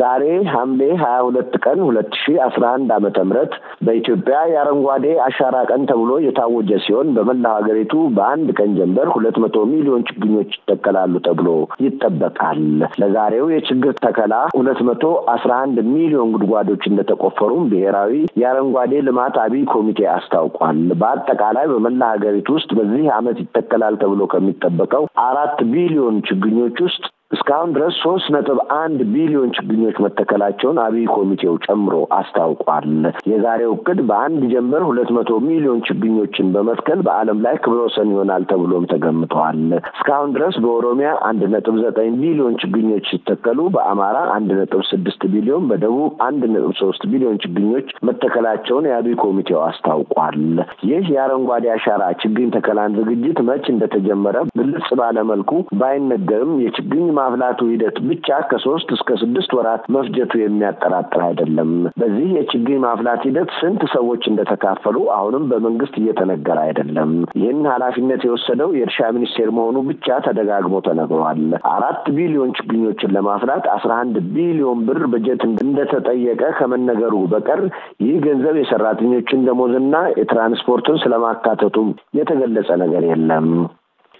ዛሬ ሐምሌ ሀያ ሁለት ቀን ሁለት ሺ አስራ አንድ ዓመተ ምህረት በኢትዮጵያ የአረንጓዴ አሻራ ቀን ተብሎ የታወጀ ሲሆን በመላው ሀገሪቱ በአንድ ቀን ጀንበር ሁለት መቶ ሚሊዮን ችግኞች ይተከላሉ ተብሎ ይጠበቃል። ለዛሬው የችግር ተከላ ሁለት መቶ አስራ አንድ ሚሊዮን ጉድጓዶች እንደተቆፈሩም ብሔራዊ የአረንጓዴ ልማት አብይ ኮሚቴ አስታውቋል። በአጠቃላይ በመላ ሀገሪቱ ውስጥ በዚህ ዓመት ይተከላል ተብሎ ከሚጠበቀው አራት ቢሊዮን ችግኞች ውስጥ እስካሁን ድረስ ሶስት ነጥብ አንድ ቢሊዮን ችግኞች መተከላቸውን አብይ ኮሚቴው ጨምሮ አስታውቋል። የዛሬው እቅድ በአንድ ጀንበር ሁለት መቶ ሚሊዮን ችግኞችን በመትከል በዓለም ላይ ክብረ ወሰን ይሆናል ተብሎም ተገምተዋል። እስካሁን ድረስ በኦሮሚያ አንድ ነጥብ ዘጠኝ ቢሊዮን ችግኞች ሲተከሉ በአማራ አንድ ነጥብ ስድስት ቢሊዮን፣ በደቡብ አንድ ነጥብ ሶስት ቢሊዮን ችግኞች መተከላቸውን የአብይ ኮሚቴው አስታውቋል። ይህ የአረንጓዴ አሻራ ችግኝ ተከላን ዝግጅት መች እንደተጀመረ ግልጽ ባለመልኩ ባይነገርም የችግኝ የማብላቱ ሂደት ብቻ ከሶስት እስከ ስድስት ወራት መፍጀቱ የሚያጠራጥር አይደለም። በዚህ የችግኝ ማፍላት ሂደት ስንት ሰዎች እንደተካፈሉ አሁንም በመንግስት እየተነገረ አይደለም። ይህን ኃላፊነት የወሰደው የእርሻ ሚኒስቴር መሆኑ ብቻ ተደጋግሞ ተነግሯል። አራት ቢሊዮን ችግኞችን ለማፍላት አስራ አንድ ቢሊዮን ብር በጀት እንደተጠየቀ ከመነገሩ በቀር ይህ ገንዘብ የሰራተኞችን ደሞዝና የትራንስፖርትን ስለማካተቱ የተገለጸ ነገር የለም።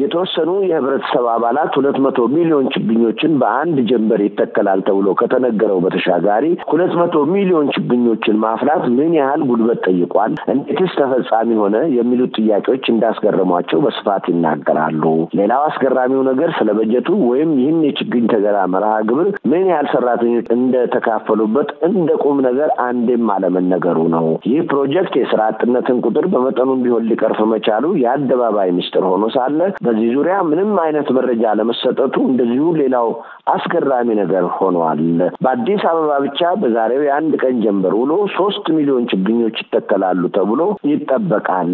የተወሰኑ የህብረተሰብ አባላት ሁለት መቶ ሚሊዮን ችግኞችን በአንድ ጀንበር ይተከላል ተብሎ ከተነገረው በተሻጋሪ ሁለት መቶ ሚሊዮን ችግኞችን ማፍላት ምን ያህል ጉልበት ጠይቋል? እንዴትስ ተፈጻሚ ሆነ? የሚሉት ጥያቄዎች እንዳስገረሟቸው በስፋት ይናገራሉ። ሌላው አስገራሚው ነገር ስለ በጀቱ ወይም ይህን የችግኝ ተገራ መርሃ ግብር ምን ያህል ሰራተኞች እንደተካፈሉበት እንደ ቁም ነገር አንዴም አለመነገሩ ነው። ይህ ፕሮጀክት የስራ አጥነትን ቁጥር በመጠኑም ቢሆን ሊቀርፍ መቻሉ የአደባባይ ምስጢር ሆኖ ሳለ በዚህ ዙሪያ ምንም አይነት መረጃ ለመሰጠቱ እንደዚሁ ሌላው አስገራሚ ነገር ሆኗል። በአዲስ አበባ ብቻ በዛሬው የአንድ ቀን ጀንበር ውሎ ሶስት ሚሊዮን ችግኞች ይተከላሉ ተብሎ ይጠበቃል።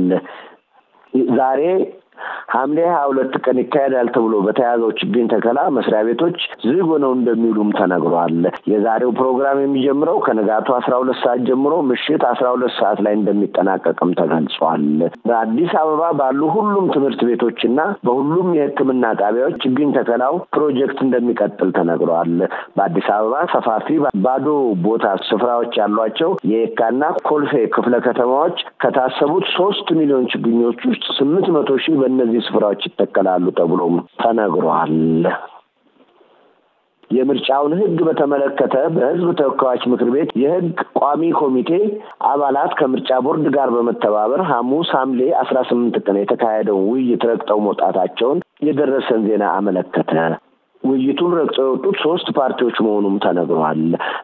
ዛሬ ሐምሌ ሀያ ሁለት ቀን ይካሄዳል ተብሎ በተያዘው ችግኝ ተከላ መስሪያ ቤቶች ዝግ ሆነው እንደሚውሉም ተነግሯል። የዛሬው ፕሮግራም የሚጀምረው ከንጋቱ አስራ ሁለት ሰዓት ጀምሮ ምሽት አስራ ሁለት ሰዓት ላይ እንደሚጠናቀቅም ተገልጿል። በአዲስ አበባ ባሉ ሁሉም ትምህርት ቤቶችና በሁሉም የሕክምና ጣቢያዎች ችግኝ ተከላው ፕሮጀክት እንደሚቀጥል ተነግሯል። በአዲስ አበባ ሰፋፊ ባዶ ቦታ ስፍራዎች ያሏቸው የየካና ኮልፌ ክፍለ ከተማዎች ከታሰቡት ሶስት ሚሊዮን ችግኞች ውስጥ ስምንት መቶ ሺህ በእነዚህ ስፍራዎች ይተከላሉ ተብሎም ተነግሯል። የምርጫውን ህግ በተመለከተ በህዝብ ተወካዮች ምክር ቤት የህግ ቋሚ ኮሚቴ አባላት ከምርጫ ቦርድ ጋር በመተባበር ሐሙስ ሐምሌ አስራ ስምንት ቀን የተካሄደውን ውይይት ረግጠው መውጣታቸውን የደረሰን ዜና አመለከተ። ውይይቱን ረግጠው የወጡት ሶስት ፓርቲዎች መሆኑም ተነግሯል።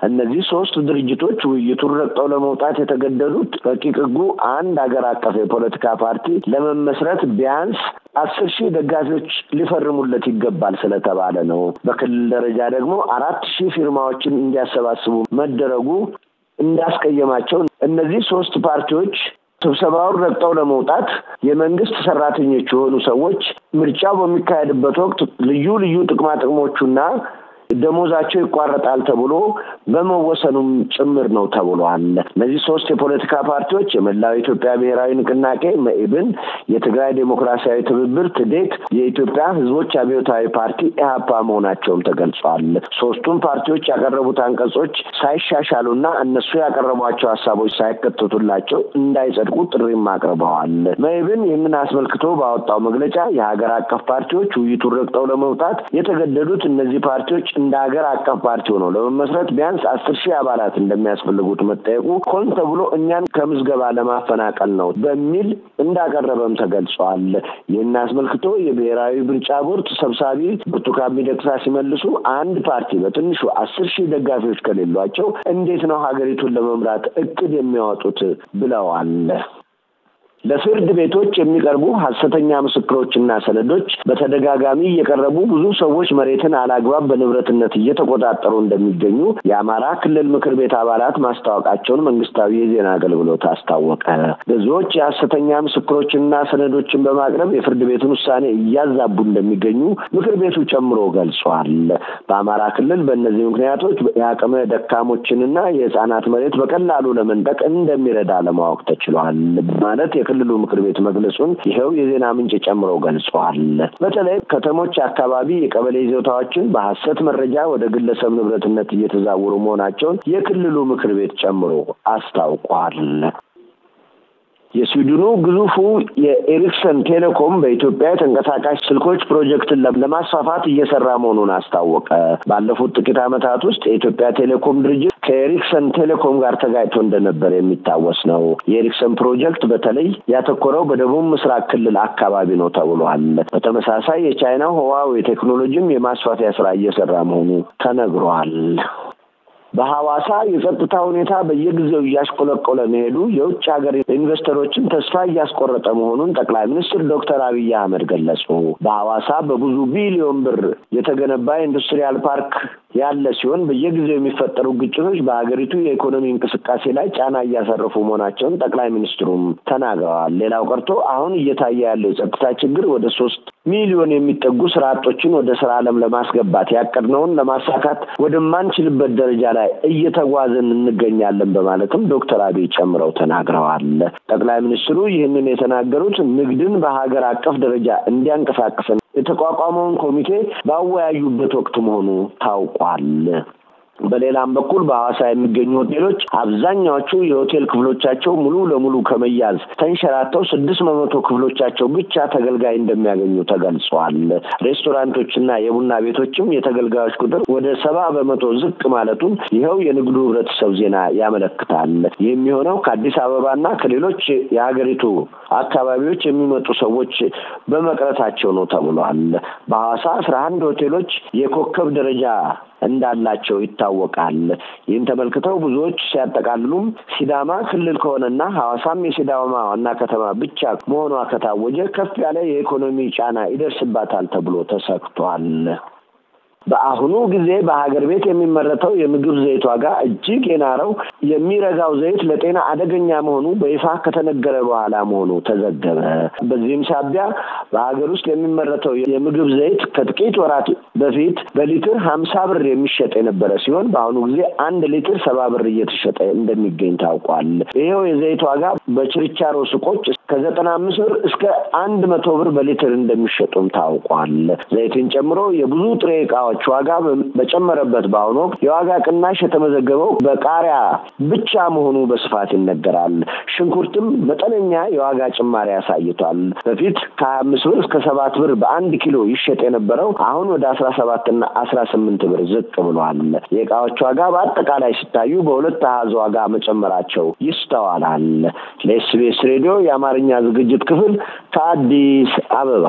እነዚህ ሶስት ድርጅቶች ውይይቱን ረግጠው ለመውጣት የተገደዱት ረቂቅ ሕጉ አንድ ሀገር አቀፍ የፖለቲካ ፓርቲ ለመመስረት ቢያንስ አስር ሺህ ደጋፊዎች ሊፈርሙለት ይገባል ስለተባለ ነው። በክልል ደረጃ ደግሞ አራት ሺህ ፊርማዎችን እንዲያሰባስቡ መደረጉ እንዳስቀየማቸው እነዚህ ሶስት ፓርቲዎች ስብሰባውን ረግጠው ለመውጣት የመንግስት ሰራተኞች የሆኑ ሰዎች ምርጫው በሚካሄድበት ወቅት ልዩ ልዩ ጥቅማ ጥቅሞቹና ደሞዛቸው ይቋረጣል ተብሎ በመወሰኑም ጭምር ነው ተብሏል። እነዚህ ሶስት የፖለቲካ ፓርቲዎች የመላው ኢትዮጵያ ብሔራዊ ንቅናቄ መኢብን፣ የትግራይ ዴሞክራሲያዊ ትብብር ትዴት፣ የኢትዮጵያ ህዝቦች አብዮታዊ ፓርቲ ኢህአፓ መሆናቸውም ተገልጿል። ሶስቱም ፓርቲዎች ያቀረቡት አንቀጾች ሳይሻሻሉና እነሱ ያቀረቧቸው ሀሳቦች ሳይከተቱላቸው እንዳይጸድቁ ጥሪም አቅርበዋል። መኢብን ይህንን አስመልክቶ ባወጣው መግለጫ የሀገር አቀፍ ፓርቲዎች ውይይቱን ረግጠው ለመውጣት የተገደዱት እነዚህ ፓርቲዎች እንደ ሀገር አቀፍ ፓርቲ ሆኖ ለመመስረት ቢያንስ አስር ሺህ አባላት እንደሚያስፈልጉት መጠየቁ ሆን ተብሎ እኛን ከምዝገባ ለማፈናቀል ነው በሚል እንዳቀረበም ተገልጿል። ይህን አስመልክቶ የብሔራዊ ምርጫ ቦርድ ሰብሳቢ ብርቱካን ሚደቅሳ ሲመልሱ አንድ ፓርቲ በትንሹ አስር ሺህ ደጋፊዎች ከሌሏቸው እንዴት ነው ሀገሪቱን ለመምራት እቅድ የሚያወጡት ብለዋል። ለፍርድ ቤቶች የሚቀርቡ ሀሰተኛ ምስክሮችና ሰነዶች በተደጋጋሚ የቀረቡ ብዙ ሰዎች መሬትን አላግባብ በንብረትነት እየተቆጣጠሩ እንደሚገኙ የአማራ ክልል ምክር ቤት አባላት ማስታወቃቸውን መንግስታዊ የዜና አገልግሎት አስታወቀ። ብዙዎች የሀሰተኛ ምስክሮችንና ሰነዶችን በማቅረብ የፍርድ ቤቱን ውሳኔ እያዛቡ እንደሚገኙ ምክር ቤቱ ጨምሮ ገልጿል። በአማራ ክልል በእነዚህ ምክንያቶች የአቅመ ደካሞችንና የህፃናት መሬት በቀላሉ ለመንጠቅ እንደሚረዳ ለማወቅ ተችሏል ማለት የክልሉ ምክር ቤት መግለጹን ይኸው የዜና ምንጭ ጨምሮ ገልጸዋል። በተለይ ከተሞች አካባቢ የቀበሌ ይዞታዎችን በሀሰት መረጃ ወደ ግለሰብ ንብረትነት እየተዛወሩ መሆናቸውን የክልሉ ምክር ቤት ጨምሮ አስታውቋል። የስዊድኑ ግዙፉ የኤሪክሰን ቴሌኮም በኢትዮጵያ የተንቀሳቃሽ ስልኮች ፕሮጀክትን ለማስፋፋት እየሰራ መሆኑን አስታወቀ። ባለፉት ጥቂት ዓመታት ውስጥ የኢትዮጵያ ቴሌኮም ድርጅት ከኤሪክሰን ቴሌኮም ጋር ተጋጭቶ እንደነበር የሚታወስ ነው። የኤሪክሰን ፕሮጀክት በተለይ ያተኮረው በደቡብ ምስራቅ ክልል አካባቢ ነው ተብሏል። በተመሳሳይ የቻይናው ህዋዌ ቴክኖሎጂም የማስፋፊያ ስራ እየሰራ መሆኑ ተነግሯል። በሐዋሳ የጸጥታ ሁኔታ በየጊዜው እያሽቆለቆለ መሄዱ የውጭ ሀገር ኢንቨስተሮችን ተስፋ እያስቆረጠ መሆኑን ጠቅላይ ሚኒስትር ዶክተር አብይ አህመድ ገለጹ። በሐዋሳ በብዙ ቢሊዮን ብር የተገነባ ኢንዱስትሪያል ፓርክ ያለ ሲሆን በየጊዜው የሚፈጠሩ ግጭቶች በሀገሪቱ የኢኮኖሚ እንቅስቃሴ ላይ ጫና እያሰረፉ መሆናቸውን ጠቅላይ ሚኒስትሩም ተናግረዋል። ሌላው ቀርቶ አሁን እየታየ ያለው የጸጥታ ችግር ወደ ሶስት ሚሊዮን የሚጠጉ ስራ አጦችን ወደ ስራ ዓለም ለማስገባት ያቀድነውን ለማሳካት ወደማንችልበት ደረጃ ላይ እየተጓዝን እንገኛለን በማለትም ዶክተር አብይ ጨምረው ተናግረዋል። ጠቅላይ ሚኒስትሩ ይህንን የተናገሩት ንግድን በሀገር አቀፍ ደረጃ እንዲያንቀሳቅስን የተቋቋመውን ኮሚቴ ባወያዩበት ወቅት መሆኑ ታውቋል። በሌላም በኩል በሐዋሳ የሚገኙ ሆቴሎች አብዛኛዎቹ የሆቴል ክፍሎቻቸው ሙሉ ለሙሉ ከመያዝ ተንሸራተው ስድስት በመቶ ክፍሎቻቸው ብቻ ተገልጋይ እንደሚያገኙ ተገልጿል። ሬስቶራንቶችና የቡና ቤቶችም የተገልጋዮች ቁጥር ወደ ሰባ በመቶ ዝቅ ማለቱን ይኸው የንግዱ ህብረተሰብ ዜና ያመለክታል። የሚሆነው ከአዲስ አበባና ከሌሎች የሀገሪቱ አካባቢዎች የሚመጡ ሰዎች በመቅረታቸው ነው ተብሏል። በሐዋሳ አስራ አንድ ሆቴሎች የኮከብ ደረጃ እንዳላቸው ይታወቃል። ይህን ተመልክተው ብዙዎች ሲያጠቃልሉም ሲዳማ ክልል ከሆነና ሐዋሳም የሲዳማ ዋና ከተማ ብቻ መሆኗ ከታወጀ ከፍ ያለ የኢኮኖሚ ጫና ይደርስባታል ተብሎ ተሰግቷል። በአሁኑ ጊዜ በሀገር ቤት የሚመረተው የምግብ ዘይት ዋጋ እጅግ የናረው የሚረጋው ዘይት ለጤና አደገኛ መሆኑ በይፋ ከተነገረ በኋላ መሆኑ ተዘገበ። በዚህም ሳቢያ በሀገር ውስጥ የሚመረተው የምግብ ዘይት ከጥቂት ወራት በፊት በሊትር ሀምሳ ብር የሚሸጥ የነበረ ሲሆን በአሁኑ ጊዜ አንድ ሊትር ሰባ ብር እየተሸጠ እንደሚገኝ ታውቋል። ይኸው የዘይት ዋጋ በችርቻሮ ሱቆች ከዘጠና አምስት ብር እስከ አንድ መቶ ብር በሊትር እንደሚሸጡም ታውቋል። ዘይትን ጨምሮ የብዙ ጥሬ እቃዎች የእቃዎች ዋጋ በጨመረበት በአሁኑ ወቅት የዋጋ ቅናሽ የተመዘገበው በቃሪያ ብቻ መሆኑ በስፋት ይነገራል። ሽንኩርትም መጠነኛ የዋጋ ጭማሪ አሳይቷል። በፊት ከሀያ አምስት ብር እስከ ሰባት ብር በአንድ ኪሎ ይሸጥ የነበረው አሁን ወደ አስራ ሰባት እና አስራ ስምንት ብር ዝቅ ብሏል። የእቃዎች ዋጋ በአጠቃላይ ሲታዩ በሁለት አሃዝ ዋጋ መጨመራቸው ይስተዋላል። ለኤስቢኤስ ሬዲዮ የአማርኛ ዝግጅት ክፍል ከአዲስ አበባ